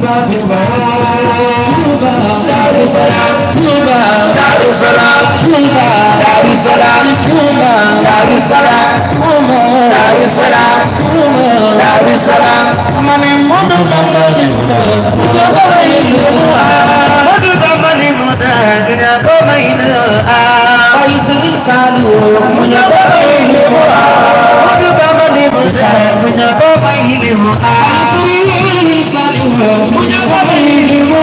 Touba Touba Daaru Salaam Touba Daaru Salaam Touba Daaru Salaam Touba Daaru Salaam Touba Daaru Salaam Touba Daaru Salaam mane Moodu Bamba ni mu doon nga ko may lu mu aar Moodu Bamba ni mu doon nga ko may lu aar waaye Sëriñ Saliou mu nga ko may lu mu aar Moodu Bamba ni mu doon nga ko may lu aar Munya ko bayne mo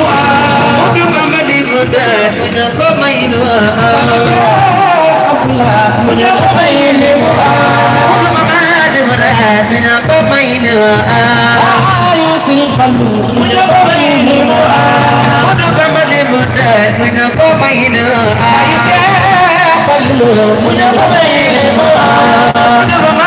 a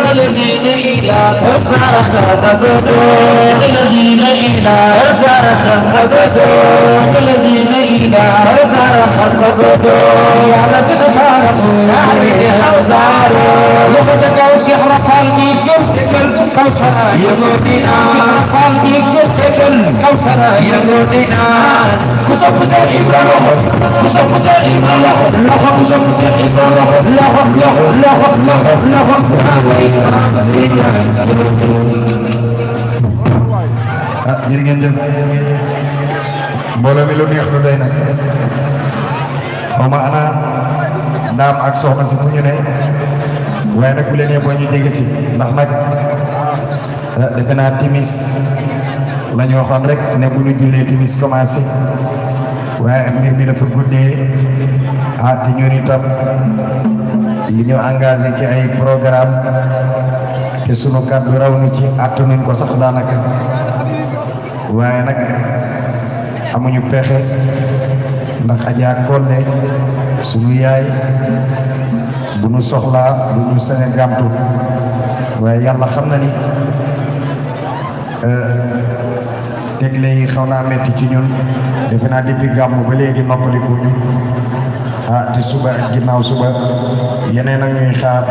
الذين إلى صرخة خسدوا الذين إلى صرخة خسدوا الذين إلى صرخة خسدوا على kausara yagudina sarafal lu neex lu doy ana dam ak soxna si fu ñu ne waaye nag bu leen yeboo ñu defe naa timis lañu ñu rek ne buñu julé timis commencé waaye mbir mi dafa guddee ah te ñun itam li ñu engagé ci ay programme té suñu kaddu raw ni ci àttanuñ ko sax danaka waye nag amuñu pexé ndax aja kolé suñu yaay buñu soxla buñu sénégal ñu waye yalla xamna ni. Euh, tegle yi xaw naa metti ci ñun defe naa depuis gàmmu ba léegi noppalikuñu ah te suba ginnaaw suba yeneen ak ñuy xaar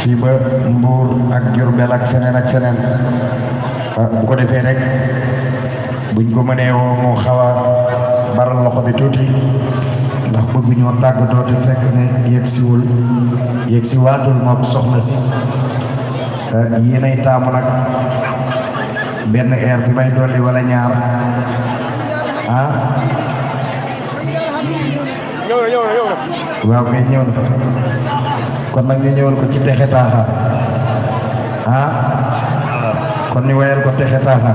fii ba Mbuur ak Jurbel ak feneen ak feneen ah, bu ko defee rek buñ ko mënee woo mu xaw a baral loxo bi tuuti ndax bëgguñoo tàggatoo te fekk ne yegg siwul yegg si waatul mook soxna si ah, yéenay taamu nag benn air bu may dolli wala ñaar ah ñëw waaw kay ñëw na kon nag ñu ñëwal ko ci texe taaxa kon ñu wayal ko texe taaxa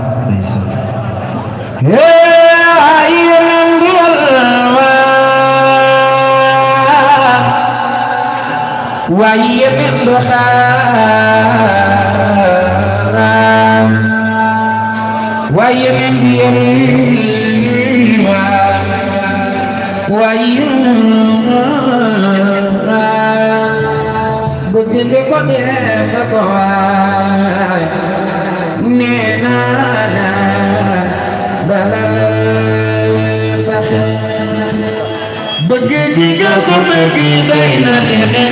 waaye yéen yeneen bi yeneen waaye bu jënde ko def ko waay nee naa la dalal sax bëgg gi nga ko bëgg day na demee